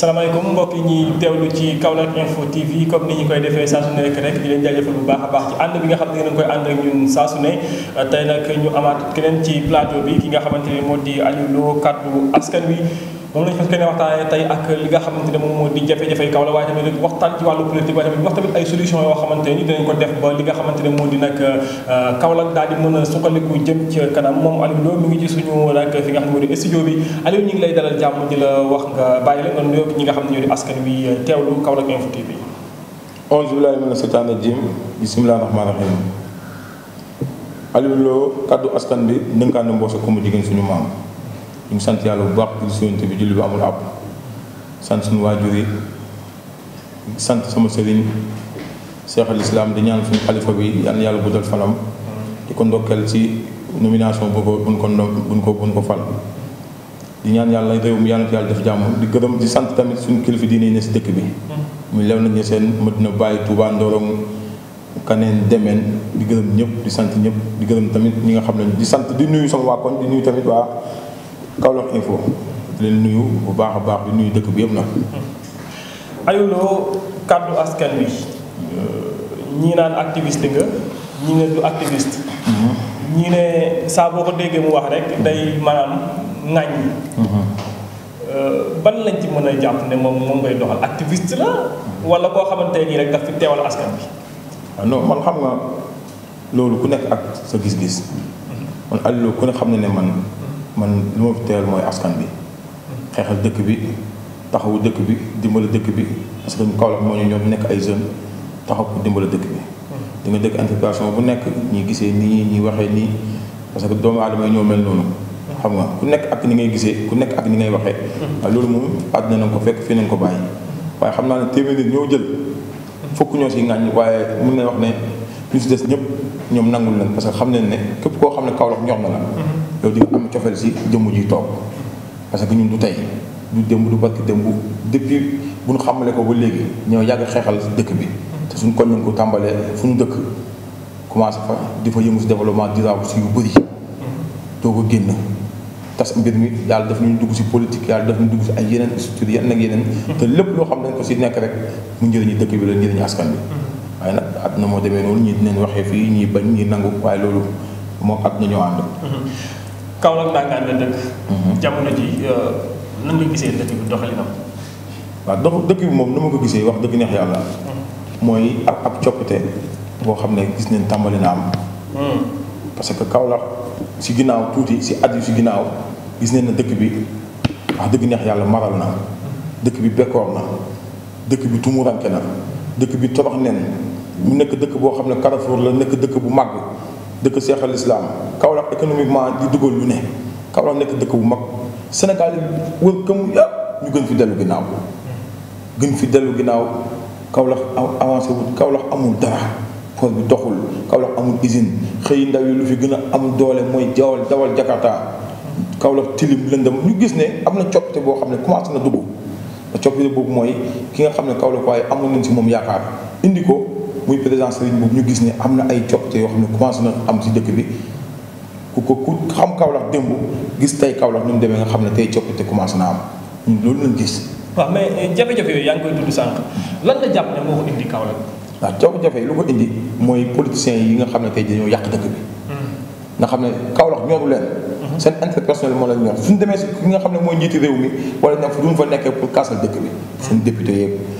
salaamaaleykum mbokk yi ñuy teewlu ci Kaolack Info TV comme ni ñu koy defee saa su ne rek rek di leen bu baax a baax ci ànd bi nga xam ne ngeen koy ànd ak ñun saa su ne nag ñu amaat keneen ci plateau bi ki nga xamante ne moo di Aliou Lo kàddu askan wi. moom lañu fas kenn waxtaanee tey ak li nga xamante ne moom moo di jafe-jafe kaw la waaye tamit waxtaan ci wàllu politique waaye tamit wax tamit ay solution yoo xamante ni dinañ ko def ba li nga xamante ne moo di nag euh, Kaolack daal di mën a suqaliku jëm ci kanam moom Aliou Lo mi ngi ci suñu nag fi nga xam ne moo di studio bi Aliou ñu ngi lay dalal jàmm di la wax nga bàyyi yi nga nuyoo ñi nga xam ne ñoo di askan wi euh, teewlu Kaolack Info TV onze billahi mina seytaani rajim bisimilah rahmaani rahim Aliou Lo kaddu askan bi ndënkaane mboosa ko mu jigéen suñu maam ñu sant yàlla bu baax di suñu bi julli bu amul àpp sant suñu waajur sant sama sëriñ seexal islaam di ñaan suñu xalifa bi yal na yàlla guddal fanam di ko ndokkeel ci nomination bu ko buñ ko buñ ko buñ ko fal di ñaan yàlla réew mi yal na def jàmm di gërëm di sant tamit suñu kilifa diine yi ne ci dëkk bi mu lew nañu seen Madina Baye Touba Ndorong kaneen demeen di gërëm ñëpp di sant ñëpp di gërëm tamit ñi nga xam ne di sant di nuyu sama waa koñ di nuyu tamit Kaolack Info leen nuyu bu baax a baax di nuyu dëkk bi yëpp nag. ayuloo kàddu askan wi ñii naan activiste nga ñii ne du activiste. Mhm. ñii ne saa boo ko déggee mu wax rek day maanaam ŋàññi. Mhm. Euh, ban lañ ci mën a jàpp ne moom moom ngay doxal activist la wala koo xamante nii rek daf fi teewal askan bi ah non man xam nga loolu ku nekk ak sa gis-gis mhm. man Aliou ku ne xam ne ne man. man lu ma fi mooy askan bi xeexal dëkk bi taxawu dëkk bi dimbali dëkk bi parce que Kaolack moo ñu ñoom nekk ay jeunes taxaw pour dimbali dëkk bi. Hmm. di nga dëkk interpellation bu nekk ñi gisee nii ñi waxee nii parce que doomu aadama yi ñoo mel noonu. xam nga ku nekk ak ni ngay gisee ku nekk ak ni ngay waxee. Hmm. waaye loolu moom àddina na nga ko fekk fii nañ ko bàyyi. waaye xam naa ne téeméeri nit ñoo jël. Hmm. fukk ñoo si ngàññ waaye mun nañ wax ne ñu si des ñëpp ñoom nangul leen parce que xam nañ ne képp koo xam ne Kaolack ñor na yow di am cofeel si jëmm ji toog parce que ñun du tey du démb du barki démb depuis bu ñu xamale ko ba léegi ñoo yàgg xeexal dëkk bi te suñ kon ñu ko tàmbalee fu ñu dëkk commencé fa di fa yëngu si développement durable si yu bëri doo ko génn tas mbir mi yàlla daf ñu dugg si politique yàlla daf ñu dugg si ay yeneen structure yeneen ak yeneen te lépp loo xam ne ko si nekk rek mu njëriñu dëkk bi la njëriñu askan bi waaye nag àdduna moo demee noonu ñii dinañ waxee fii ñuy bañ ñi nangu waaye loolu moom àdduna ñoo ànd Kaolack Ndangaan la dëkk. Mhm. jamono ji euh, nan nga gisee dëkk bi doxalinam. waaw dox dëkk bi moom nu ma ko gisee wax dëgg neex yàlla. Mhm. mooy ab ab coppite boo xam ne gis nañ tàmbali na am. Mhm. parce que Kaolack si ginnaaw tuuti si at yu si ginnaaw gis nañ ne dëkk bi wax dëgg neex yàlla maral na dëkk bi bekkoor na dëkk bi tumuranke na dëkk bi tabax nen mu nekk dëkk boo xam ne Carrefour la nekk dëkk bu màgg. dëkk Cheikh al Islam Kaolack économiquement di dugal lu ne Kaolack nekk dëkk bu mag Sénégal wër këmu yëpp ñu gën fi dellu ginnaaw gën fi dellu ginnaaw Kaolack avancé wut Kaolack amul dara port bi doxul Kaolack amul usine xëy ndaw yi lu fi gën a am doole mooy jawal dawal Jakarta Kaolack tilim lëndëm ñu gis ne am na coppite boo xam ne commencé na dugg te coppite boobu mooy ki nga xam ne Kaolack waaye amoon nañ si moom yaakaar indi ko. muy président Serigne boobu ñu gis ni am na ay coppite yoo xam ne commencé na am si dëkk bi ku ko ku xam Kaolack démb gis tey Kaolack nu mu demee nga xam ne tey coppite commencé na am loolu lañ gis. waaw mais euh, jafe-jafe yaa ngi koy tudd sànq lan la jàpp ne moo ko indi Kaolack. jafe-jafe yi lu ko indi mooy yi nga xam ne tey dañoo yàq dëkk bi. Hmm. nga xam ne Kaolack ñooru leen. Hmm. seen intérêt personnel moo leen ñor suñu demee si nga xam ne mooy njiiti réew mi wala ñoom fu duñ fa nekkee pour kaasal dëkk bi. seen député yëpp.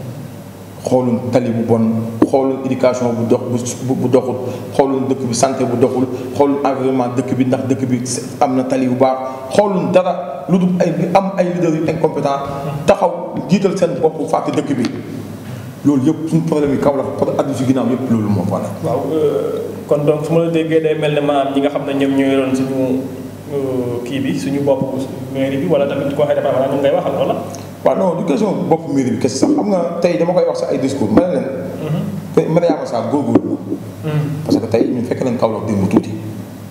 xoolum tali bu bon xoolul éducation bu dox bu doxul xoolul dëkk bi santé bu doxul xoolul environnement dëkk bi ndax dëkk bi am na tali bu baax xoolul dara lu dul ay am ay leaders yu incompétent taxaw jiital seen bopp fàtte dëkk bi loolu yëpp suñu problème yi kaw la fa at si ginnaaw yëpp loolu moo faral. waaw euh, kon donc su ma la déggee day mel ne maanaam ñi nga xam ne ñoom ñoo yoroon suñu euh, kii bi suñu bopp mairie bi wala tamit koo ko ne dafa am lu waaw non du question bopp mairie bi kese sax xam nga tey dama koy wax sa ay discours ma ne leen. te Mariama Sarr hmm. parce que tey ñu fekk nañ Kaolack démb tuuti.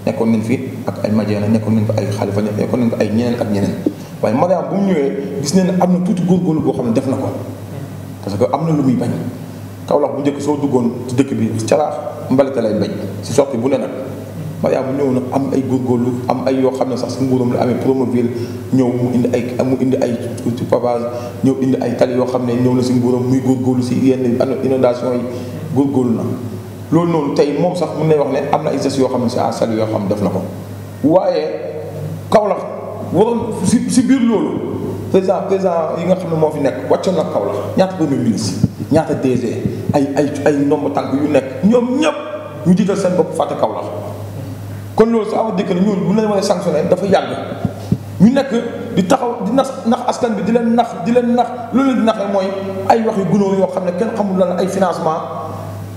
nekkoon nañ fi ak ay Madiana nekkoon nañ fi ay xalifa nekkoon nañ fi ay ñeneen ak ñeneen waaye Mariama bu mu ñëwee gis nañ ne am na tuuti góorgóorlu boo xam ne def na ko. Hmm. parce que am na lu muy bañ Kaolack bu njëkk soo duggoon ci dëkk bi calaax mbalit lay bañ si soxla bu ne nag. Maria bu ñëw nag am ay góorgóorlu am ay yoo xam ne sax si nguuram la amee Promoville ñëw mu indi ay mu indi ay ci pavage ñëw indi ay tali yoo xam ne ñëw na si nguuram muy góorlu si yenn inondation yi góor na loolu noonu tey moom sax mën nay wax ne am na ay gestes yoo xam ne si à sali yoo xam ne def na ko waaye Kaolack waroon si si biir loolu président président yi nga xam ne moo fi nekk wàccoon na Kaolack ñaata premier ministre ñaata DG ay ay ay ndomb tànk yu nekk ñoom ñëpp ñu jiital seen bopp fàtte Kaolack kon loolu ça veut dire que ñun mën nañu war a sanctionné dafa ñu nekk di taxaw di nax nax askan bi di leen nax di leen nax loolu di naxee mooy ay wax yu gunóor yoo xam ne kenn xamul lan ay financement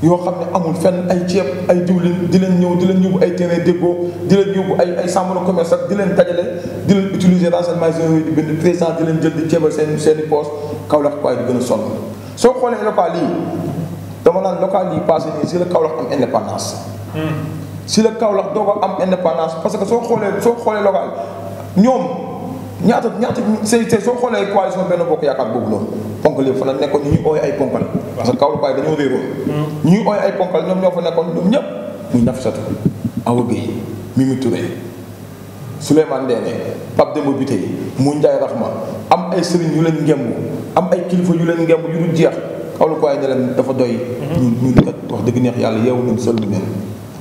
yoo xam ne amul fenn ay ceeb ay diwlin di leen ñëw di leen yóbbu ay terrain déggoo di leen yóbbu ay ay chambre de di leen tajale di leen utiliser renseignements yooyu di bind président di leen jël di ceebal seen seen i poche Kaolack waaye di gën a sonn soo xoolee local yi dama naan local yi passé nii si si la Kaolack doo ko am indépendance parce que soo xoolee soo xoolee local ñoom ñaata ñaata say say soo xoolee coalition benn bokk yaakaar boobu noonu ponkal yëpp fa la nekkoon ñu ñuy ooy ay ponkal. parce que Kaolack waaye dañoo réeroon. Mm. ñu ñuy ooy ay ponkal ñoom ñoo fa nekkoon ñoom ñëpp muy Nafissatou Awa Guèye Mimi Touré Souleymane Ndéné am ay sëriñ yu leen ngemb am ay kilifa yu leen ngemb yu dul jeex Kaolack waaye ne leen dafa doy. Mm-hmm. ñun ñun kat wax dëgg neex yàlla yeewu nañ sëllu neen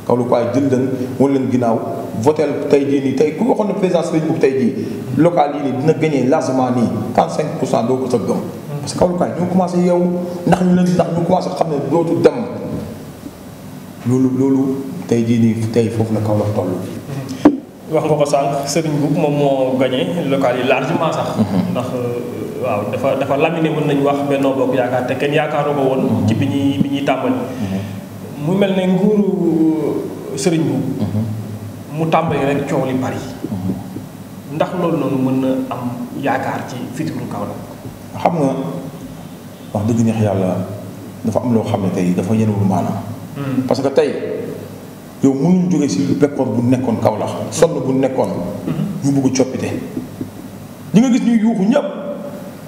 Kaolack waaye jël leen wan leen ginnaaw votel tey jii nii tey ku waxoon ne président Serigne Mboup tey jii local yi nii dina gagné largement nii 35 pour cent doo ko sa gëm. parce que Kaolack waaye ñoo commencé yow ndax ñu leen ndax ñu xam ne dootu dem loolu loolu tey jii nii tey foofu la Kaolack toll. Mmh. wax nga ko sànq sëriñ Mboup moom moo gagné local yi largement sax. Mmh. ndax euh, waaw dafa dafa laminé mën nañu wax Benno Bokk Yaakaar te kenn yaakaaroo ko woon. Mmh. ci bi ñuy bi ñuy tàmbali. mu mel ne nguuru euh, sëriñ boobu mhm. mu tàmbali rek coow li bari mhm. ndax loolu noonu mën na am yaakaar ci fitiru kaw la xam nga wax dëgg neex yàlla dafa am loo xam ne tey dafa yenwul maanaam hmm. parce que tey yow mënuñ jóge si bekkoon bu nekkoon kaw la sonn bu nekkoon hmm. ñu bëgg coppite ñi nga gis ñuy yuuxu ñëpp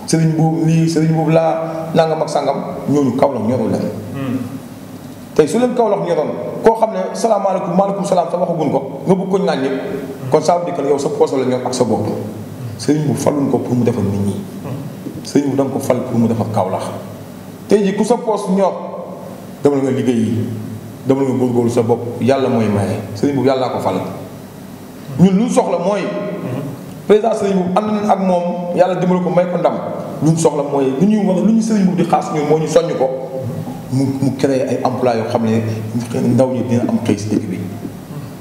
sëriñ boobu lii sëriñ boobu laa nangam ak sàngam ñooñu kaw la ñorul tey su leen Kaolack ñoroon koo xam ne salaamaaleykum maaleykum salaam sa waxaguñ ko nga bëgg ko naan ñëpp kon ça veut dire que la ñor ak sa bopp sëriñ bu ko pour mu defal nit ñi. sëriñ bu mu defal Kaolack tey jii ku sa poche liggéey yi sa bopp yàlla mooy maye sëriñ bu yàllaa fal ñun lu soxla mooy. président sëriñ bu ànd nañ ak moom yàlla dimbali ko may ko ndam luñ soxla mooy lu ñuy wax lu ñu sëriñ bu di xaas ñun moo ñu soññ ko. mu mu créé ay emploi yoo xam ne ndaw ñi dina am xëy si dëkk bi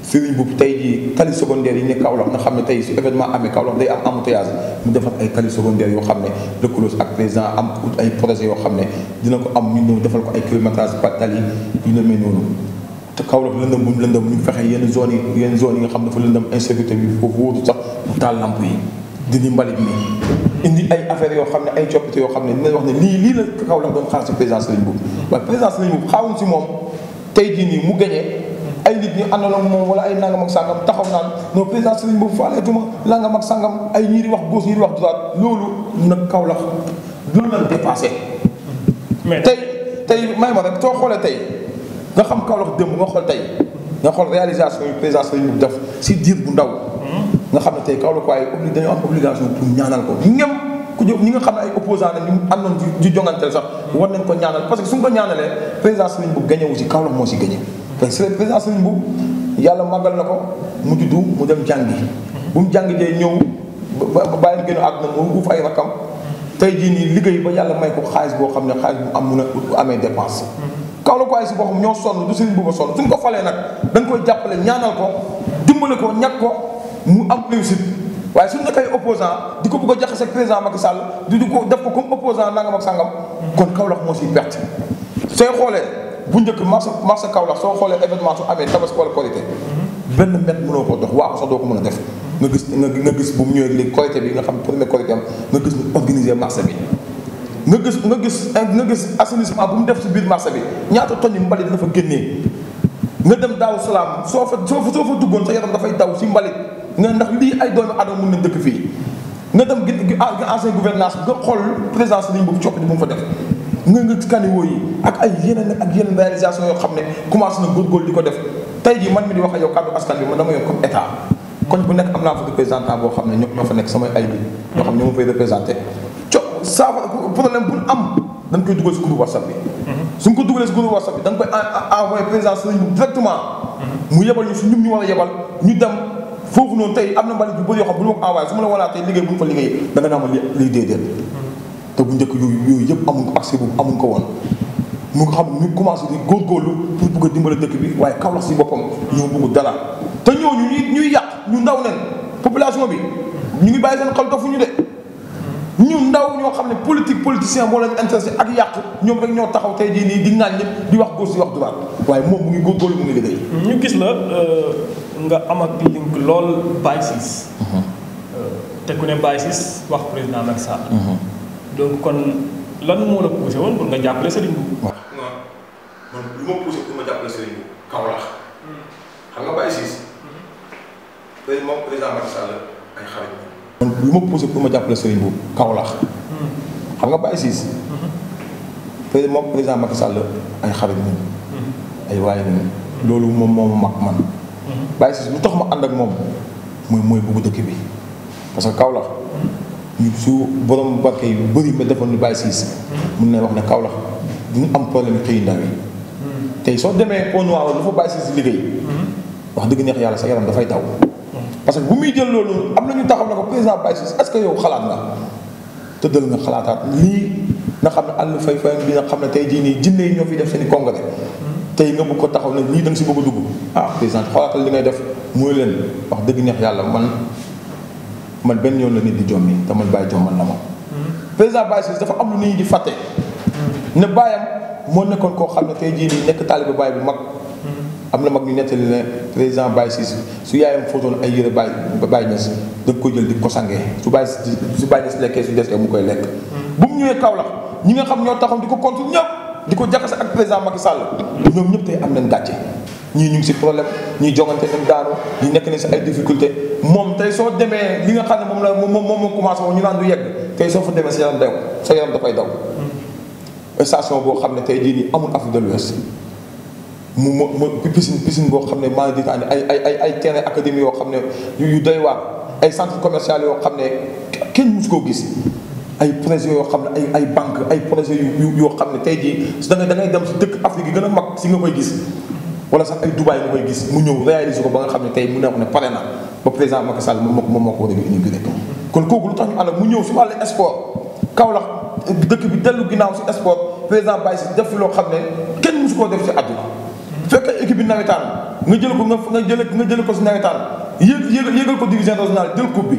sëriñ boobu tey jii cali secondaire yi nekk Kaolack na xam ne tey si événement amee Kaolack day am embouteillage mu defar ay cali secondaire yoo xam ne lëkkaloo ak président am ay projet yoo xam ne dina ko am ñu ñëw defal ko ay kilométrage par tali yu ne mel noonu te Kaolack lëndëm bu lëndëm ñu fexe yenn zone yi yenn zone yi nga xam ne dafa lëndëm insécurité bi foofu wóoru sax taal lamp yi dindi mbalit mi indi ay affaires yoo xam ne ay coppite yoo xam ne dinañ wax ne lii lii la kaw la doon xaar si président Serigne Mboup waaye président Serigne Mboup xaawuñ si moom tey jii nii mu gañee ay nit ñu àndaloon moom wala ay nangam ak sangam taxaw naan non président Serigne Mboup faaleetuma nangam ak sangam ay ñii di wax gauche ñii di wax droite loolu nag kaw la loolu la dépassé. mais tey tey may ma rek soo xoolee tey nga xam kaw la démb nga xool tey nga xool réalisation yu président Serigne Mboup def si diir bu ndaw. nga xam ne tey Kaolack waaye obli dañoo am obligation pour ñaanal ko ñëm ku ñi nga xam ne ay opposant la ñu àndoon ci ci jonganteel sax war nañ ko ñaanal parce que suñ ko ñaanalee président Serigne Mboup gagné wu si Kaolack moo si gagné. parce que président Serigne Mboup yàlla màggal na ko mu juddu mu dem jàngi bu mu jàngi dee ñëw ba bàyyi gën a àdduna mu uuf ay rakam tey jii nii liggéey ba yàlla may ko xaalis boo xam ne xaalis bu am mun a amee dépense. Kaolack waaye si boppam ñoo sonn du Serigne Mboup a sonn suñ ko falee nag dañ koy jàppale ñaanal ko dimbale ko ñàkk ko. mu am réussite waaye suñ nekk ay di ko bëgg a jaxase ak président Macky Sall di du ko def ko comme opposant nangam ak sangam kon Kaolack moo siy perte sooy xoolee bu njëkk marché marché Kaolack soo xoolee événement su amee tabaski wala Korité benn mètre mënoo ko dox waa ko sax doo ko mën a def nga gis nga gis bu mu ñëwee lii Korité bi nga xam premier Korité am nga gis mu organiser marché bi nga gis nga gis nga gis assainissement bu mu def si biir marché bi ñaata tonne mbalit la fa génnee nga dem daaw salaam soo fa soo fa soo duggoon sa yaram dafay daw si mbalit ne ndax lii ay doomi adama mun nañ dëkk fii nga dem gi ancienne gouvernance nga xool présidence liñ boobu coppite bu mu fa nga nga kaniwoo yi ak ay yoo xam ne commencé na góorgóorlu di ko def tey man mi di wax ak yow kàddu askan bi man dama yor comme bu nekk fa représentant boo xam ne ñoom ñoo fa nekk samay ay bi yoo xam ne ñoo ma fay représenté co si groupe whatsapp bi mhm. suñ ko dugalee si groupe whatsapp bi dañ koy envoyé président sëriñ bi directement mhm. mu yebal ñu su ñu war a yebal ñu dem foofu noonu tey am na mbalit yu bëri yoo xam bu ñu ma ko envoyé su ma la walaatee liggéey bu ñu fa liggéey da nga naa ma déedéet te bu njëkk yooyu yooyu yëpp amuñ ko accès boobu amuñ ko woon mu nga xam ñu commencé di góorgóorlu pour bëgg a dëkk bi waaye Kaolack si boppam ñoo bëgg dara te ñooñu ñuy ñuy yàq ñu ndaw nen population bi ñu ngi bàyyi seen xel dofuñu de ñu ndaw ñoo xam ne politique politicien moo leen intéressé ak yàq ñoom rek ñoo taxaw tey jii nii di naan ñëpp di wax góor si wax droit waaye moom mu ngi góorgóorlu mu ngi liggéey ñu gis na nga am ak link lool Baye Ciss mhm. euh, te ku ne Baye Ciss wax président Macky Sall mhm. donc kon lan moo la poussé woon pour nga jàppale Serigne Mbu waaw man lu ma jàppale Serigne Mbu Kaolack hmm. xam nga Baye Ciss hmm. moom président Macky Sall ay xarit hmm. moom ay waaye ñun loolu moom moom mag man Baye Ciss lu tax ma ànd ak moom mooy mooy bëggu dëkk bi parce que Kaolack su borom barke yu bëri ma defoon ni Baye Ciss mun na wax ne Kaolack duñu am problème xëy ndaw yi tey soo demee au waaw lu fa Baye Ciss liggéey wax dëgg neex yàlla sa yaram dafay taw parce que bu muy jël loolu am na ñu taxaw na ko président Baye Ciss que yow xalaat nga tëddal nga xalaataat lii nga xam ne àll fay fay bi nga xam ne tey jii nii jinne yi ñoo fi def seeni i de tey nga bëgg ko taxaw ne ñii da si bëgg a dugg ah président xoolaatal li ngay def muy leen wax dëgg neex yàlla man man benn yoon la nit di jommi te man bàyyi jommal na ma. Hmm. président Baye Ciss dafa am lu nit ñi di fàtte. Hmm. ne baayam moo nekkoon koo xam ne tey jii nii nekk taalibe Baye bu mag. Hmm. am na mag ñu nettali ne président Baye Ciss su yaayam fóotoon ay yére Baye Baye Niass da nga koy jël di ko sangee su Baye su Baye Niass lekkee su des mu koy lekk. bu mu ñëwee di ko jaxase ak présent Macky Sall ñoom ñëpp tey am nañ gàcce ñii ñu ngi si problème ñuy jongante nañ daanu ñi nekk nañ si ay difficulté moom tey soo demee li nga xam ne moom la moom moom moo commencé woon ñu naan du yegg tey soo fa demee sa yaram daw sa boo xam ne tey jii nii amul Afrique de l'Ouest mu ma ma piscine piscine boo xam ne maa ngi ditaani ay ay ay ay terrain académie yoo xam ne yu doy waar ay centre commercial yoo xam ne kenn mus koo gis ay projets yoo xam ne ay ay banque ay projets yu yoo xam ne tey jii da ngay dem si dëkk Afrique yi gën a mag si nga koy gis wala sax ay Dubaay nga koy gis mu ñëw réaliser ko ba nga xam ne tey mu ne ko ne pare na ba président Macky Sall moom moo ko moom moo ko war a inauguré kooku lu tax mu ñëw si wàllu sport Kaolack dëkk bi dellu ginnaaw si président Baye def loo xam ne kenn mësu koo def si àdduna fekkee équipe bi jël ko nga nga jël nga jël ko si nawetaan yéeg yéegal ko division nationale jël coupe bi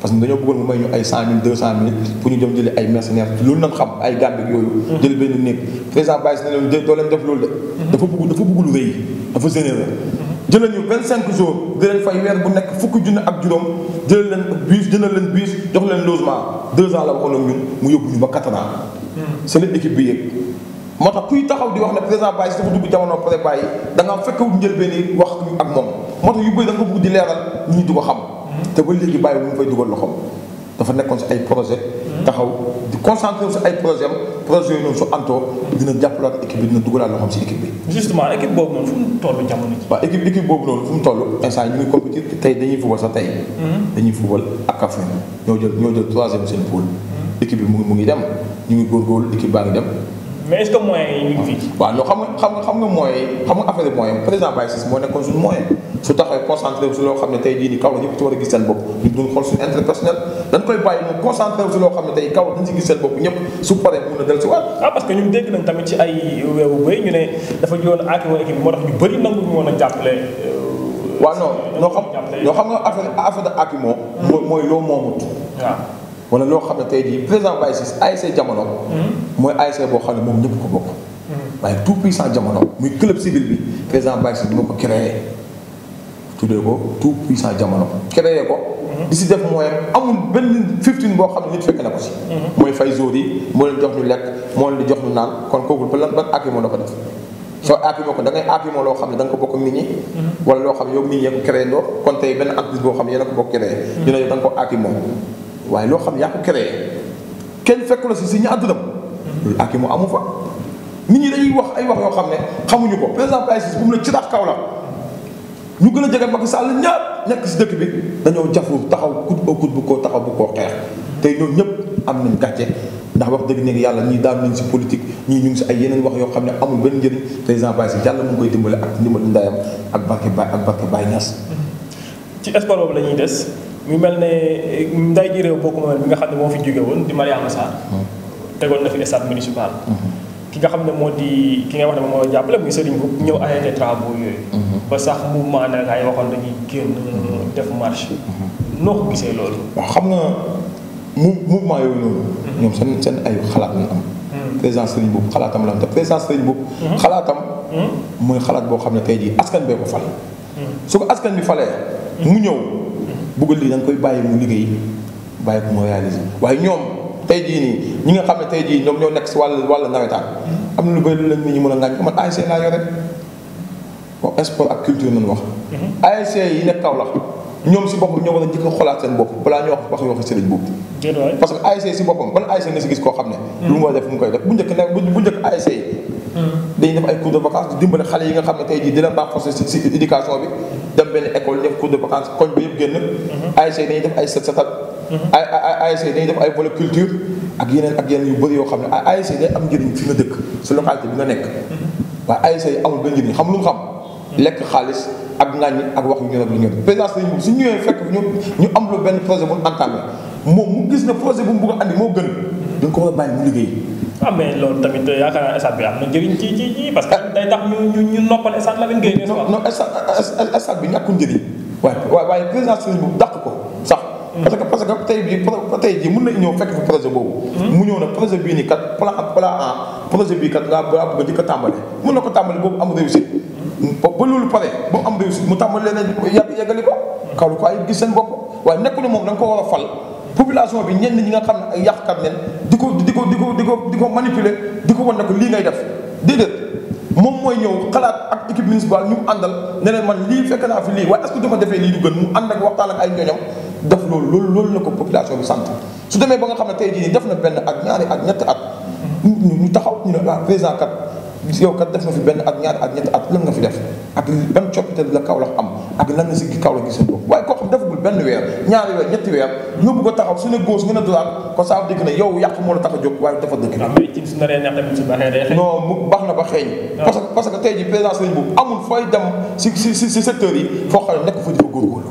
parce que dañoo bëggoon mu may ñu ay cent mille mille pour ñu jëm jëli ay mercenaires loolu nag ay yooyu. jël benn néeg président Baye ne leen def loolu de. Mhm. dafa dafa lu dafa généreux. 25 mhm. jours di leen fay weer bu nekk fukki junne ak juróom jël leen bus jëlal bus jox leen logement deux ans la waxoon ak mu yóbbu ñu ba quatre ans. Mhm. c'est l'équipe bi yëg. kuy taxaw di wax ne président Baye dafa dugg jamono da fekk wax ak te ba léegi bàyyi mu fay dugal loxom dafa nekkoon si ay projet taxaw di concentré si ay projet projet yooyu noonu su antoo dina jàppalaat équipe bi dina dugalaat loxom si équipe bi. justement équipe boobu noonu fu mu toll jamono ji. waaw équipe équipe boobu noonu fu mu toll instant ñu ngi compétir tey dañuy fubal sax tey. Mhm. dañuy fubal ak Kaffrine ñoo jël ñoo jël troisième seen pool. Mhm. équipe bi mu ngi mu ngi dem ñu ngi góorgóorlu équipe baa ngi dem. mais est-ce que moyens yi ñu ngi fii. waaw non xam nga xam nga xam nga moyens yi xam nga affaire moyen président Baye Ciss moo nekkoon suñu moyen. su taxawee concentré wu si loo xam ne tey jii nii kaw la ñëpp ci war a gis seen bopp ñu duñ xool suñu intérêt personnel dañ koy bàyyi mu concentré si loo xam ne tey kaw la dañ na del si waat moo tax ñu bëri loo moomut waaw wala loo xam ne tey jii président Baye Ciss hmm. boo xam ne moom ñëpp ko bokk hmm. waaye tout puissant jamono muy club civil bi président Baye Ciss moo ko créé tuddee ko tout puissant jamono. créé ko. di mhm. si def mooy amul benn fifteen boo xam ne nit fekk na ko si. Mhm. mooy fay jour yi moo leen jox ñu lekk moo leen jox ñu naan kon kooku ba lan ban àq moo ko def. soo àq ko da ngay àq loo xam ne da nga ko bokk mhm. wala loo xam ne yow nit ñee ko créé ndoo kon tey benn entreprise xam ne yéen a ko bokk créé. ñu waaye loo xam ne yaa ko créé kenn fekk la si si ñu àdduna loolu àq moo amu fa. nit ñi dañuy wax ay wax yoo xam ne xamuñu ko par exemple ay bu mu ne ci tax kaw la ñu gën a jege Macky Sall ñëpp nekk si dëkk bi dañoo jafu taxaw kut au kut bu ko taxaw bu koo xeex tey ñoom ñëpp am nañ gàcce ndax wax dëgg nekk yàlla ñii daal nañ si politique ñii ñu ngi si ay yeneen wax yoo xam ne amul benn njëriñ président Baye si yàlla mu ngi koy dimbale ak ndimbalu ndayam ak barke Baye ak barke Baye Niass ci espoir boobu la ñuy des mu mel ne nday ji réew bokku mel bi nga xam ne moo fi jóge woon di Mariama Sarr hmm. tegoon na fi stade municipal hmm. ki nga xam ne moo di ki nga wax ne moo jàppale muy sëriñ bu ñëw arrêté travaux yooyu. Mhm. ba sax mouvement nag ay waxoon dañuy génn def marche. Mhm. noo ko gisee loolu. waaw xam nga mu mouvement yooyu noonu. Mhm. seen seen ay xalaat lañ am. président sëriñ boobu xalaatam la am te président sëriñ boobu. xalaatam. mooy xalaat boo xam ne tey di askan bee ko fal. su ko askan bi falee. mu ñëw. bëgg lii da koy bàyyi mu liggéey bàyyi ko mu réaliser waaye ñoom. tey jii nii ñi nga xam ne tey jii ñoom ñoo nekk si wàllu wàllu nawetaan am na lu bëri lu leen nit ñi mën a ngaañ ko man ASC laa yore bon sport ak culture wax. Mhm. ASC yi nekk Kaolack ñoom si boppam ñoo war a njëkk a xoolaat seen bopp balaa ñoo wax waxi sëriñ boobu. parce si boppam si gis koo xam ne. Mhm. lu mu war def mu koy def bu njëkk nag bu njëkk ASC yi. Mhm. dañuy def ay cours de vacances dimbale xale yi nga xam ne tey jii dina baax forcé si si éducation bi dem benn école def de vacances koñ bi yëpp génn. ASC dañuy def ay set setal ay ay ASC dañuy def ay volet culture ak yeneen ak yeneen yu bëri yoo xam ne ay ASC day am njëriñ fi nga dëkk si localité bi nga nekk waaye ASC yi amul benn njëriñ xam lu mu xam lekk xaalis ak ŋàññi ak wax ñu ñëw li ñëw présidence lañ moom su ñëwee fekk ñu ñu am lu benn projet bu mu entamé moom mu gis ne projet bu mu bëgg a andi moo gën dañ ko war a bàyyi mu liggéey ah mais loolu tamit yaakaar naa stade bi am na njëriñ ci ci ci parce que ah. day tax ñu ñu noppal stade la leen géey non stade bi ñàkkul njëriñ waaye waaye présidence lañ moom dàq ko parce que parce que tey jii tey jii mën na ñëw fekk fi projet boobu. Hmm? mu ñëw nag projet bii nii kat plan ak projet bii kat laa laa bëgg ko tàmbale mën na ko tàmbale boobu am réussite. Hmm, ba loolu pare ba mu am réussite mu tàmbale leneen yàgg seen bopp waaye nekkul moom da nga ko war a fal. population bi ñenn ñi nga xam ne ay kat nen di ko di ko di ko di ko di ko manipuler di ko wan ne ko lii ngay def déedéet moom mooy ñëw xalaat ak équipe municipale ñu àndal ne man lii fekk naa fi lii waaye est ma defee lii du gën mu ànd ak def loolu loolu loolu ko population bi sant su demee ba nga xam ne tey jii nii def na benn at ñaari at ñett at ñu taxaw ñu ne ah président kat yow kat def na fi benn ak ñaari ak ñetti at lan nga fi def ak ban coppite la Kaolack am ak lan la si Kaolack gi seen ñaari weer ñetti weer taxaw su ne góos nga yàq moo la tax a jóg waaye dafa dëgg non mu baax que tey jii président Serigne boobu dem si si yi foo xam nekk fa di fa góorgóorlu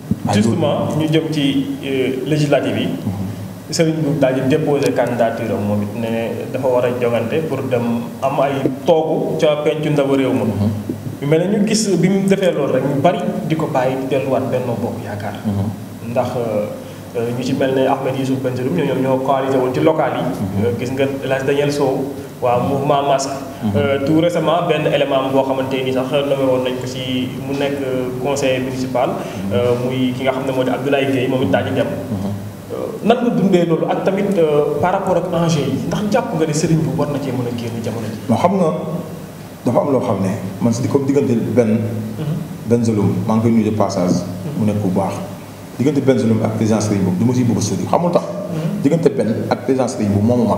justement ñu jëm ci euh, législative yi. Mm-hmm. Serigne Boub daal di déposé candidature am moom it ne dafa war a jongante pour dem am ay toogu ca pencu ndaw réew ma. Mm-hmm. mel na ñu gis bi mu defee loolu rek ñu bari di ko bàyyi di delluwaat benn Bokk Yaakaar. Mm-hmm. ndax euh, ñu ci mel ne Ahmed Youssouf Benjelloun ñoom ñoo coalisé ci local yi. Euh, gis nga El Hadj Daniel Sow. waaw mouvement masque. Mhm. Euh, tout récemment benn élément boo xamante ni sax nommé woon nañ ko si mu nekk conseil municipal. Mhm. Euh, muy ki nga xam ne moo di Abdoulaye Gueye moom it daañu dem. Mhm. Euh, nan nga dundee loolu ak tamit par rapport ak enjeu yi ndax jàpp nga ne sëriñ bu war na cee mën a génn jamono ji. xam nga dafa am loo xam ne man si comme diggante benn. benn Zaloum maa ngi koy nuyu de passage. mu nekk bu baax diggante benn Zaloum ak président sëriñ boobu du ma siy bëgg a sori xamul tax. diggante benn ak président sëriñ bu moo ma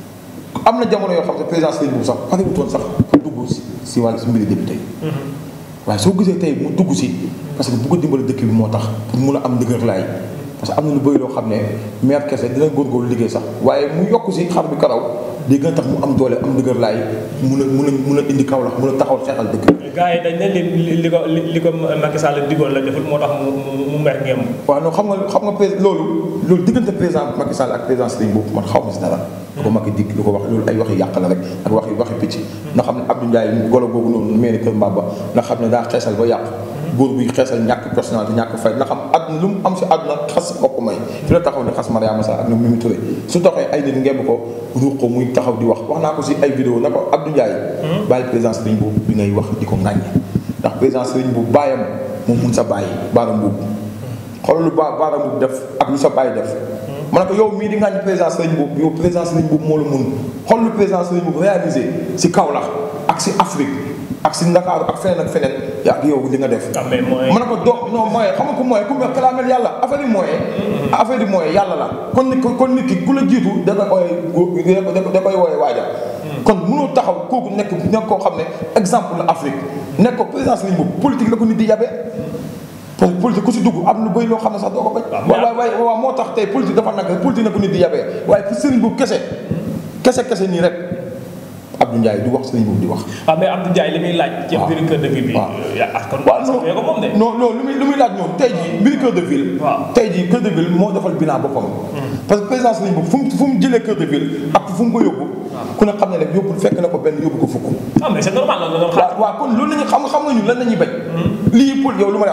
am na jamono yoo xam ne président Serigne Boubou sax pare wutoon sax pour dugg si si wàllu si mbiri député mhm. waaye soo gisee tey mu dugg si parce que bu ko dimbale dëkk bi moo tax pour mun a am ndëgër laay parce que am na lu bëri loo xam ne maire kese dina góorgóorlu liggéey sax waaye mu yokk si xar bi karaw di gën a tax mu am doole am dëgër laay mun a mun mun a indi kaw la mun a taxaw xeexal dëkk gars yi tax mu mu mer xam nga xam nga prés loolu loolu diggante président Macky Sall xaw ma si dara ko Macky dig lu wax loolu ay waxi yàq la rek ak waxi waxi picc ndax xam ne Abdou Ndiaye golo googu noonu maire Kër Mbaba ndax xam ne daa xeesal ba yàq góor bi xeesal ñàkk personnalité ñàkk fay na xam àdduna lu mu am si àdduna xas ko may fi la taxaw di xas Mariama Sarr ak ñoom Mimi Touré su taxee ay nit ngemb ko ruux ko muy taxaw di wax wax naa ko si ay vidéo na ko Abdou Ndiaye hmm? bàyyi président Serigne boobu bi ngay wax di ko ŋàññe ndax président Serigne boobu moom mun sa bàyyi baara bu xool lu ba baara mbuub def ak lu sa bàyyi def hmm? ma ne ko yow mii di ŋàññ président Serigne boobu yow président Serigne boobu moo la mun xool lu président ak si Afrique ak si Ndakaaru ak feneen ak feneen yaa yow li nga def ah, mën na ko do non moyen xam ko moyen ku me kalaamel yàlla affaire yi moyen mm-hmm. affaire yi moyen yàlla la kon nit kon nit ki ku la jiitu da koy ooye da koy mm. kooku nekk nekk koo xam ne exemple la Afrique nekk ko présidence liñ boobu politique la ko ku si dugg am lu bëri loo xam ne sax doo ko bañ waaw ah, waaye waaw moo tax tey politique dafa nag politique la ko nit di yabee waaye ku sëriñ boobu kese kese kese nii rek Abdou du wax sëriñ boobu di wax. ah mais Abdou li muy laaj. ci biir kër de ville bi. waaw kon lu muy laaj moom tey jii biir kër de ville. waaw tey kër de ville moo defal bilan boppam. Hmm. parce que président sëriñ boobu fu fu mu jëlee kër de ville ak fu mu ko yóbbu. ku ne xam ne rek yóbbu fekk na ko benn yóbbu ko fukk. ah mais hmm. lu ma wax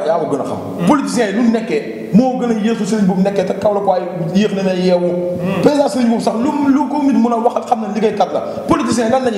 yaa ko gën a xam. Hmm. politiciens yi lu nekkee moo gën a yéexu sëriñ boobu nekkee te kaw la ko waaye yéex na ne yeewu. président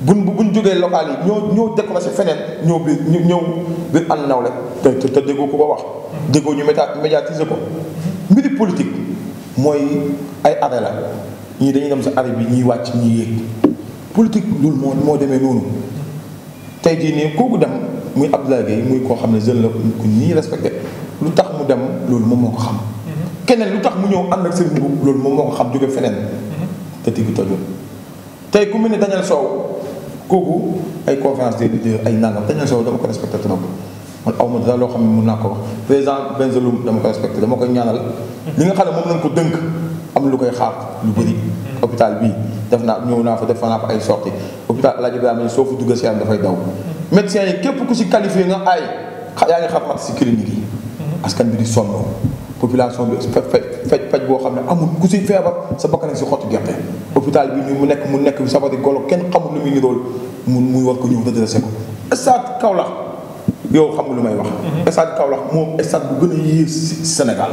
buñ buñ jógee local yi ñoo ñoo décroché feneen ñëw bi ñëw biir ànd nawle te te déggoo ko ko wax. déggoo ñu média médiatiser ko. mbiri politique mooy ay arrêt la ñii dañuy dem sa arrêt bi ñuy wàcc ñuy yéeg politique loolu moo moo demee noonu tey jii nii kooku dem muy Abdoulaye Gueye muy koo xam ne jeune la ku nii respecté lu tax mu dem loolu moom moo ko xam. Mm-hmm. keneen lu tax mu ñëw ànd ak seen dugub loolu moom moo ko xam jóge feneen. Mm-hmm. te digg tojul tey ku mel ne kooku ay conférence des leaders ay nangam dañ ne soo dama ko respecté trop man aw ma dara loo xam ne mun naa ko wax président Bengelloune dama ko respecté dama koy ñaanal li nga xam ne moom lañ ko dënk am lu koy xaar lu bëri hôpital bii def naa ñëw naa fa def naa fa ay sorti hôpital El Hadj Ibrahima soo fa duggee si yaram dafay daw médecins yi képp ku si qualifié nga ay yaa ngi xamat si clinique yi mm-hmm. askan bi di sonn population bi faj faj faj boo xam ne amul ku si feebar sa bakkan si xottu gerte hôpital bi ñu mu nekk mu nekk sabati golo kenn xamul lu muy nirool mu muy war ko ñëw redressé ko stade Kaolack yow xam nga lu may wax mhm. stade Kaolack moom stade bu gën a yées Sénégal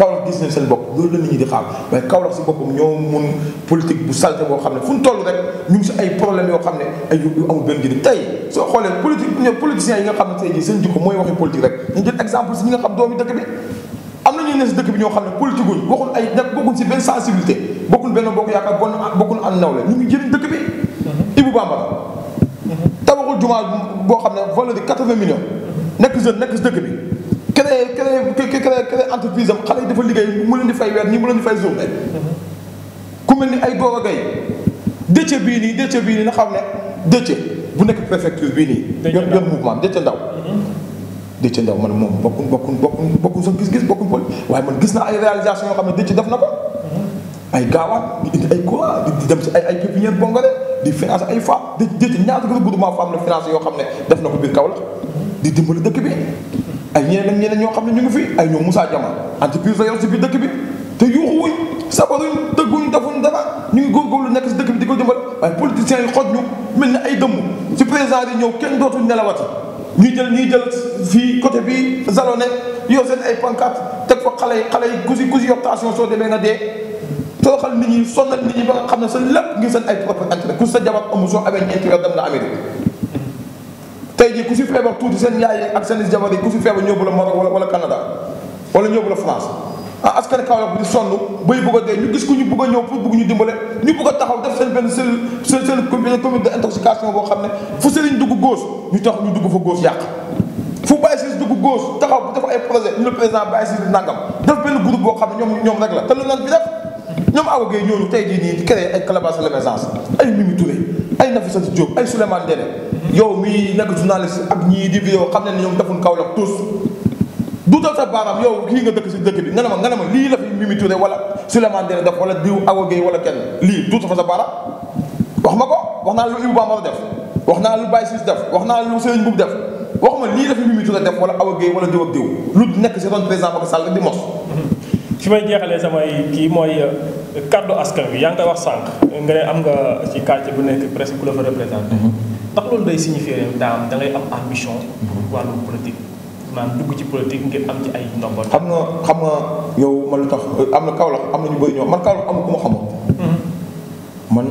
Kaolack gis nañ seen bopp loolu la nit ñi di xaar mais Kaolack si boppam ñoo mun politique bu salte boo xam ne fu ñu toll rek ñu ngi si ay problème yoo xam ne ay xoolee yi nga xam ne tey jii seen jikko mooy waxi politique rek ñu jël exemple si ñi ne si dëkk bi ñoo xam ne politique wuñ waxul ay nag bokkuñ mhm. mhm. jumaa boo xam ne valeur de 80 millions mhm. nekk jeune nekk si dëkk bi créé créé créé entreprise am xale yi dafa liggéey mu leen di fay weer ñi mu leen di fay journée ku mel ni ay Gora Gueye dëcc bii nii dëcc bii nii na xam ne dëcc bu nekk préfecture bii nii yoon yoon mouvement dëcc ndaw dëcc ndaw man moom bokkun bokkun bokkun bokkun sa gis-gis bokkun pol waaye man gis naa ay réalisation yoo xam ne dëcc def na ko ay gaawaan di indi ay courant di dem si ay ay pépinière bongale di financé ay femmes dëcc ñaata groupement femmes la yoo xam ne def na ko biir Kaolack di dimbali dëkk bi ay ñeneen ak ñeneen ñoo xam ne ñu ngi fi ay ñoom Moussa Diama entreprise la yor si biir dëkk bi te yuuxuwuñ sabaruñ dëgguñ defuñ dara ñu ngi góorgóorlu nekk si dëkk bi di ko jëmbal waaye politiciens yi xoj ñu mel ni ay dëmm si président yi ñëw kenn dootuñ nelawati ñuy jël ñuy jël fii côté bi zalone yow seen ay pancarte teg fa xale yi xale yi kusi kusi yoptation soo demee nga dee tooxal nit ñi sonnal nit ñi ba nga xam ne sa lépp ngir seen ay propre intérêt ku sa jabar amu soo amee ñeenti weer dem na Amérique tey jii ku fi feebar tuuti seen yaay ak seen i jabar yi ku fi feebar ñëw bu la Maroc wala wala Canada wala ñëw bu la France ah askan Kaolack bu di sonn bay bëgg a dee ñu gis ku ñu bëgg a ñëw pour bëgg ñu dimbale ñu bëgg a taxaw def seen benn seen seen seen commune de intoxication boo xam ne fu sëriñ dugg góos ñu tax ñu dugg fa góos yàq fu Baye Ciss dugg góos taxaw bu def ay projet ñu le président Baye Ciss nangam def benn groupe boo xam ne ñoom ñoom rek la te lu nan bi def ñoom Awa Gueye ñooñu tey jii nii créé ay calebasse l'émergence ay Mimi Touré ay Nafissatou Diop ay Souleymane Ndéné yow mii nekk journaliste ak ñii di vidéo xam ne ñoom defuñ Kaolack tous duutal sa baaraam yow kii nga dëkk si dëkk bi nga ne ma nga ne ma lii la fi Mimi Touré wala Souleymane Ndéné def wala diw Awa wala kenn lii duutal fa sa baaraam wax ma ko wax naa lu Ibou Bamba def wax naa lu Baye Ciss wax naa lu Serigne Mboup def wax ma lii la fi wala Awa wala diw ak diw lu nekk si ron président Macky Sall di mos fi may jeexalee samay kii mooy euh, kaddu askan bi yaa ngi koy wax sànq nga ne am nga ci quartier bu nekk presque ku la fa représenté mhm. ndax loolu day signifier daam da am ambition. pour wàllu politique maanaam dugg ci politique ngir am ci ay ndombo. xam nga xam nga yow man lu tax euh, am na Kaolack am na ñu bëri ñoo man Kaolack amul ku ma xamoon. Mm-hmm. man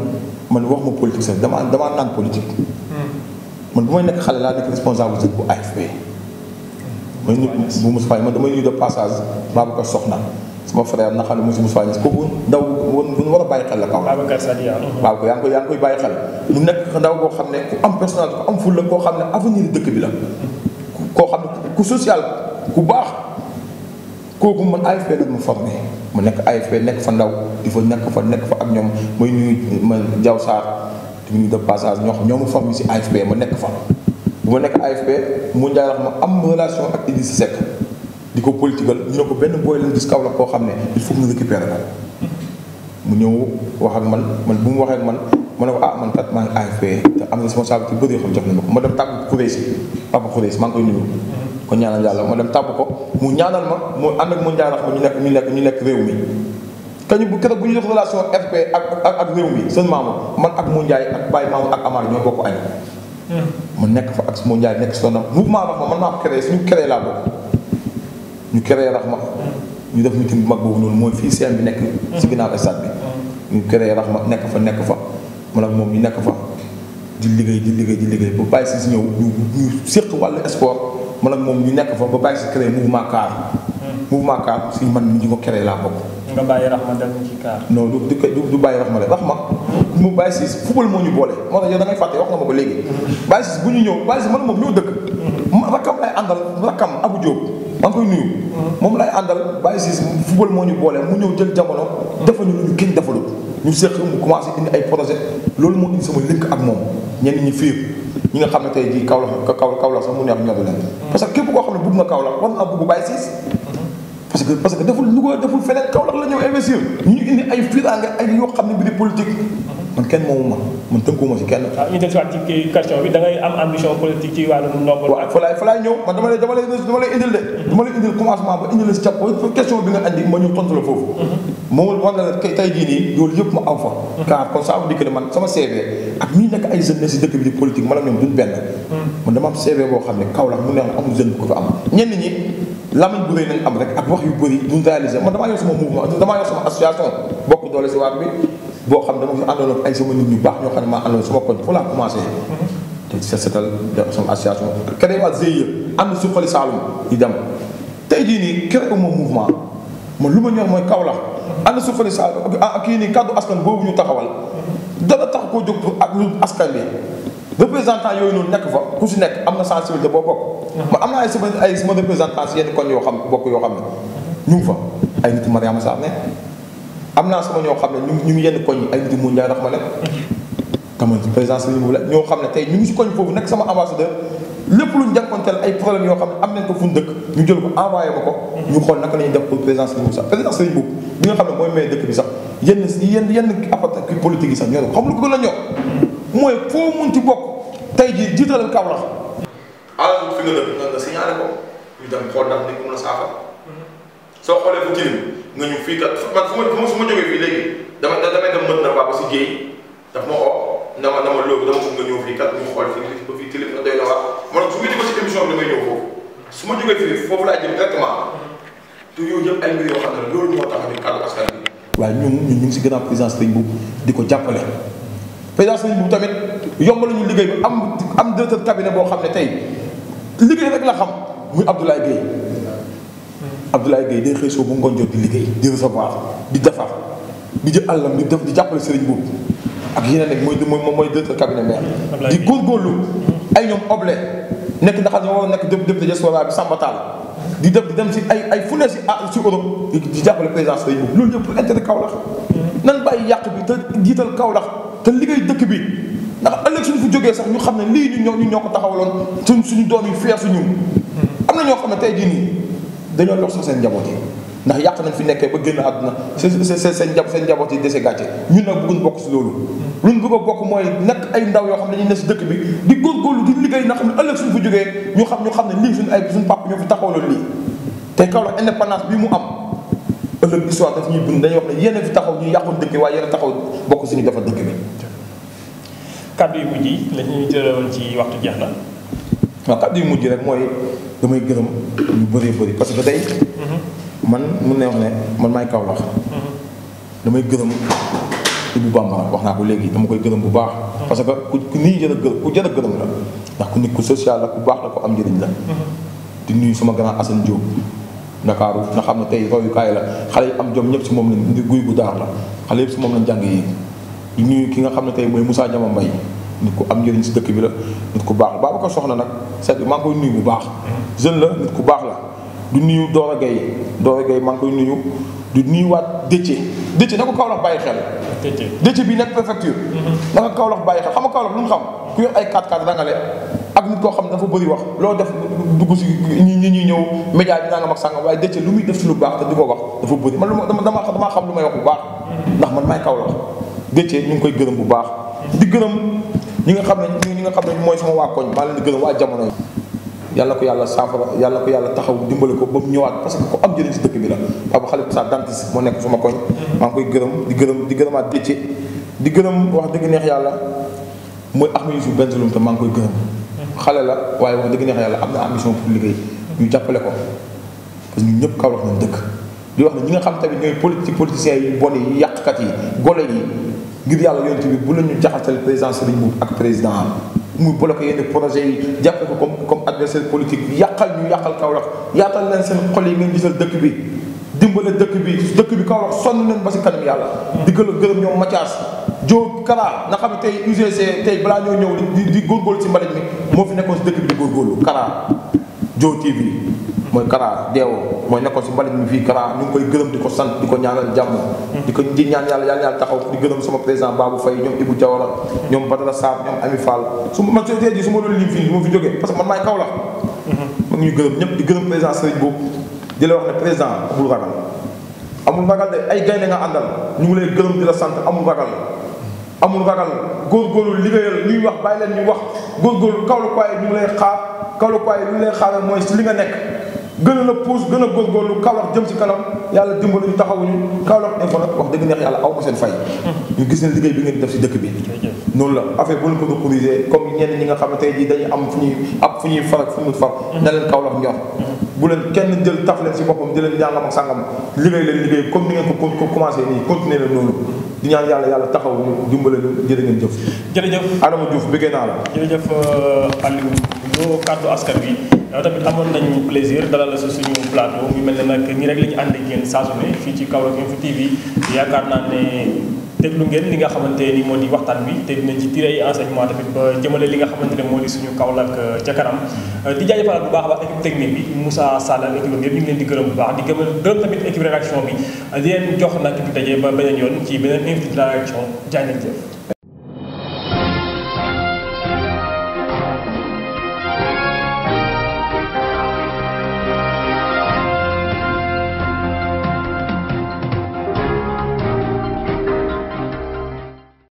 man wax ma politique sax damaa damaa naan politique. Mm-hmm. man bu may nekk xale laa nekk responsable bu AFP. Mm-hmm. bu ma su bu ma damay nuyu de passage Babacar Soxna. sama frère na xam ne mosu Moussa Niass kooku ndaw woon bu ñu war a bàyyi xel la kaw. Babacar Sadio waaw ko yaa ngi koy bàyyi xel mu nekk ndaw koo xam ne ku am personnalité ku am fulla koo xam ne avenir dëkk bi la. koo xam ne ku social ku baax kooku man AFP la mu formé mu nekk AFP nekk fa ndaw di fa nekk fa nekk fa ak ñoom mooy nuyu ma Diaw Sarr di de passage ñoo xam ñoo si AFP ma nekk fa. bu ma nekk AFP mu njaay ma am relation ak Idrissa Seck. di ko politigal ñu ne ko benn booy lañ gis la koo xam ne il faut que ñu récupérer ko mu ñëw wax ak man bu mu waxee ak ma ne ko ah man kat maa ngi AFP te am na responsabilité bu bëri xam jox na ma ko ma dem tàggu Khoureysi papa Khoureysi maa ma dem tàggu ko mu ñaanal ma mu ànd ak mu ñaanal ñu nekk ñu nekk ñu nekk réew mi kañu bu keroog bu ñu def relation FP ak ak ak réew mi seen maamu man ak Moundiaye ak Baye Maamu ak Amar ñoo bokk añ hmm. ma nekk fa man maa ko créé suñu créé laa bokk ñu créé Rahma ñu def meeting bu mag boobu noonu mooy fii seen bi nekk. ci ginnaaw stade bi. ñu créé Rahma nekk fa nekk fa man ak moom ñu nekk fa di liggéey di liggéey liggéey ba bàyyi si ñëw ñu ñu séq wàllu sport man ak moom ñu nekk fa ba bàyyi si créé mouvement CAR. mouvement si man mi ñu ko créé laa bokk. nga bàyyi Rahma dem ci CAR. non du du du bàyyi Rahma de Rahma. mu bàyyi si football moo ñu boole moo tax yow da ngay fàtte wax ma ko léegi. bàyyi si bu ñu ñëw bàyyi si man moom ñoo dëkk. rakkam lay àndal rakkam Abou Diop. man ngi koy nuyu. moom lay àndal bàyyi siis football moo ñu boole mu ñëw jël jamono. defuñu lu ñu kenn defalut ñu seq mu commencé indi ay projet loolu moo indi sama lëkk ak moom ñenn ñi fiir ñi nga xam ne tey jii Kaolack Kaolack sax mu neex ñoo leen. parce que képp koo xam ne bëgg nga Kaolack war naa bëgg bàyyi siis. parce que parce que deful lu ko deful feneen Kaolack la ñëw investir ñu indi ay fiiraange ay yoo xam ne bi di politique. man kenn moomu ma man tënkuwuma si kenn. waaw ñu dellusiwaat ci question bi da am ambition politique ci wax na la mhm. tey mhm. ne si dëkk bi di politique man ak benn. Mhm. man dama am CV boo xam ne Kaolack mu neex la amul jeune bu ko fa am ñenn sama association bokk doole si waat bi boo xam ne dama fi àndoon ak ay sama nit ñu baax ñoo xam ne maa àndoon sama koñ fu laa commencé. te set setal sama association créé waa GIE ànd si xoli Saalum di dem tey jii nii créé moom mouvement lu ma ñor mooy Kaolack ànd si xoli Saalum ak ah kii nii kàddu askan boobu ñu taxawal dara tax koo jóg ak lu askan bi représentant yooyu noonu nekk fa ku si nekk am na sensibilité boo bokk. man am naa ay sama ay sama représentant si yenn koñ yoo xam bokk yoo xam ñu fa ay nit Mariama Sarr ne am naa sama ñoo xam ne ñu ñu ngi yenn koñ yi ay Ndimbu Ndiaye ndax ma nekk. dama ci ne tey ñu ngi si koñ foofu nekk sama ambassadeur lépp lu ñu jànkonteel ay problème yoo xam ne am nañ dëkk ñu jël ko envoyé ko ko. Mm-hmm. ñu xool naka la ñuy def pour mooy maire dëkk bi sax yenn yenn yenn appareil politique yi sax ñoo xam lu a ñor mooy foo mun ci bokk tey jii jiitalal Kaolack. alal soo xoolee bu tilim nga ñu fii kat man fu ma su ma jógee fii léegi dama damay dem mën na waa ba si géey daf ma oo na ma na ma loolu dama bëgg nga ñëw fii kat ñu xool fii ba fii tilim nga doy na waa man su ngeen ko si émission bi damay ñëw ma jógee fii foofu laa jëm directement te yooyu yëpp ay mbir yoo xam ne loolu moo tax ñu kàddu askan bi waaye ñun ñu ngi si gën a président sëriñ boobu di ko jàppale président sëriñ boobu tamit yomb la ñu liggéey bi am am directeur cabinet boo xam ne tey liggéey rek la xam muy Abdoulaye Gueye Abdoulaye Gueye day xëy soo bu ngoon jot di liggéey di recevoir di defar di jël àllam di def di jàppale sëriñ boobu ak yeneen rek mooy mooy directeur cabinet maire di góorgóorlu ay ñoom oble nekk ndax ñoo waroon nekk député diaspora bi Samba Tall di def di dem si ay ay fu ne si ah, si Europe di jàppale président sëriñ boobu loolu yëpp pour intérêt Kaolack nan bàyyi yàq bi te jiital Kaolack te liggéey dëkk bi ndax ëllëg suñu fu jógee sax ñu xam ne lii ñu ñoo ñu ñoo ko taxawaloon suñ suñu doom yi feesuñu am na ñoo xam ne tey jii nii dañoo lox sax seen njaboot yi ndax yàq nañ fi nekkee ba génn àdduna seen seen seen njaboot yi dese gàcce ñun nag bëgguñ bokk si loolu luñ bëgg a bokk mooy nekk ay ndaw yoo xam ne dañuy ne si dëkk bi di góorgóorlu di liggéey na xam ne ëllëg suñ fi jógee ñu xam ñu xam ne lii suñ ay suñ papa ñoo fi taxawaloon lii te Kaolack indépendance bii mu am ëllëg histoire daf ñuy bind dañuy wax ne yéen a fi taxaw ñu yàqoon dëkk bi waaye yéen a taxaw bokk suñu defar dëkk bi kàddu yu mujj yi lañuy jëloon ci waxtu jeex na waaw kàddu yu mujj rek mooy damay gërëm ñu bëree bëri parce que tey man mun ne wax ne man maay Kaolack damay gërëm Ibou Bambara wax naa ko léegi dama koy gërëm bu baax parce que ku nii jër a gërëm ku jër gërëm la ndax ku nit ku social la ku baax la ku am njëriñ la di nuyu sama grand Assane Diop Ndakaaru nga xam ne tey royukaay la xale yi am jom ñëpp si moom lañ ndi guy gu daar la xale yëpp si moom lañ jàng yi di nuyu ki nga xam ne tey mooy Moussa Diama Mbaye nit ku am njëriñ si dëkk bi la nit ku baax la Babacar Soxna nag seet bi maa ngi koy nuyu bu baax jeune la nit ku baax la du nuyu Dora gay Dora gay maa ngi koy nuyu du nuyuwaat Dëcce Dëcce na ko Kaolack bàyyi xel Dëcce bi nekk préfecture mm-hmm. na ko Kaolack bàyyi xel xam nga Kaolack lu mu xam ku yor ay 4-4 rangale ak nit koo xam ne dafa bëri wax loo def dugg si ñi ñi ñuy ñëw média bi nangam ak sàngam waaye Dëcce lu muy def si lu baax te du ko wax dafa bëri man lu ma dama damaa xam lu may wax bu baax mm-hmm. ndax man maay Kaolack Dëcce ñu ngi koy gërëm bu baax ñi nga xam ne ñi nga xam ne mooy sama waa koñ maa leen di gërëm waa jamono yi yàlla ko yàlla saafara yàlla ko yàlla taxaw dimbali ko ba mu ñëwaat parce que ku am jëriñ si dëkk bi la nekk suma koñ maa koy gërëm di gërëm di gërëmaat décce di gërëm wax dëgg neex yàlla mooy Ahmed Youssouf maa ngi koy gërëm xale la waaye wax dëgg neex yàlla am na ambition pour liggéey ñu jàppale ko parce que ñun ñëpp Kaolack nañ dëkk di wax ne ñi nga xam tamit ñooy politique politiciens yi bon yi yàqkat yi gole yi ngir yàlla yonent bi bu la ñu jaxasal président Serigne Mboup ak président muy bloqué yenn projet yi jàppe ko comme comme adversaire politique yàqal ñu yàqal Kaolack yaatal leen seen xol yi ngeen gisal dëkk bi dimbale dëkk bi dëkk bi Kaolack sonn leen ba si kanam yàlla di gën a gërëm ñoom Mathias Diop Kara nga xam ne tey UGC tey balaa ñoo ñëw di di góorgóorlu si mbalit mi moo fi nekkoon si dëkk bi di góorgóorlu Kara Diop TV mooy Kara Deewo mooy nekkoon si mbalit mi fii Kara ñu ngi koy gërëm di ko sant di ko ñaanal jàmm di ko di ñaan yàlla yàlla yàlla taxaw di gërëm sama président Babou Faye ñoom Ibou Diawara ñoom Badara Sarr ñoom Ami Fall su ma tey jii su ma doon lim fii su ma fi jógee parce que man maay Kaolack mhm. ma ngi gërëm ñëpp di gërëm président Serigne boobu di la wax ne président amul ragal amul ragal de ay gaynde nga àndal ñu ngi lay gërëm di la sant amul ragal amul ragal góorgóorlu liggéeyal ñuy wax bàyyi leen ñu wax góorgóorlu Kaolack waaye ñu ngi lay xaar Kaolack waaye lu ñu lay xaaral mooy si li nga nekk gën a la pousse gën a góorgóorlu Kaolack jëm si kanam yàlla dimbali ñu taxawuñu Kaolack info nag wax dëgg neex yàlla aw ma seen fay hmm. ñu gis ne liggéey bi ngeen def si dëkk bi noonu la affaire bu ñu ko repriser comme ñenn ñi nga xam ne tey jii dañu am fu ñuy ab fu ñu far hmm. na leen Kaolack ñor hmm. bu leen kenn jël taf leen si boppam di leen ñaanam ak sàngam liggéey leen liggéey comme ni ngeen ko ko commencé nii continuer leen noonu di ñaan yàlla yàlla taxaw ñu dimbale ñu jërë ngeen jëf jërëjëf Adama Diouf bëggee naa la jërëjëf euh, Aliou bi yow tamit amoon nañu plaisir dalal la si suñu plateau mu mel ne nag ñi rek la ñu ànd ak yéen saa su ne fii ci Kaolack Info TV yaakaar naa ne déglu ngeen li nga xamante ni moo di waxtaan bi te dinañ ci tiré ay enseignement tamit ba li nga xamante ne moo di suñu Kaolack euh, ca kanam euh, di jaajëfalaat bu baax a équipe technique bi Moussa Sall ak équipe yëpp ñu leen di gërëm bu baax di gëm gërëm tamit équipe rédaction bi di leen jox nag di daje ba beneen yoon ci beneen invité de la rédaction jaajëf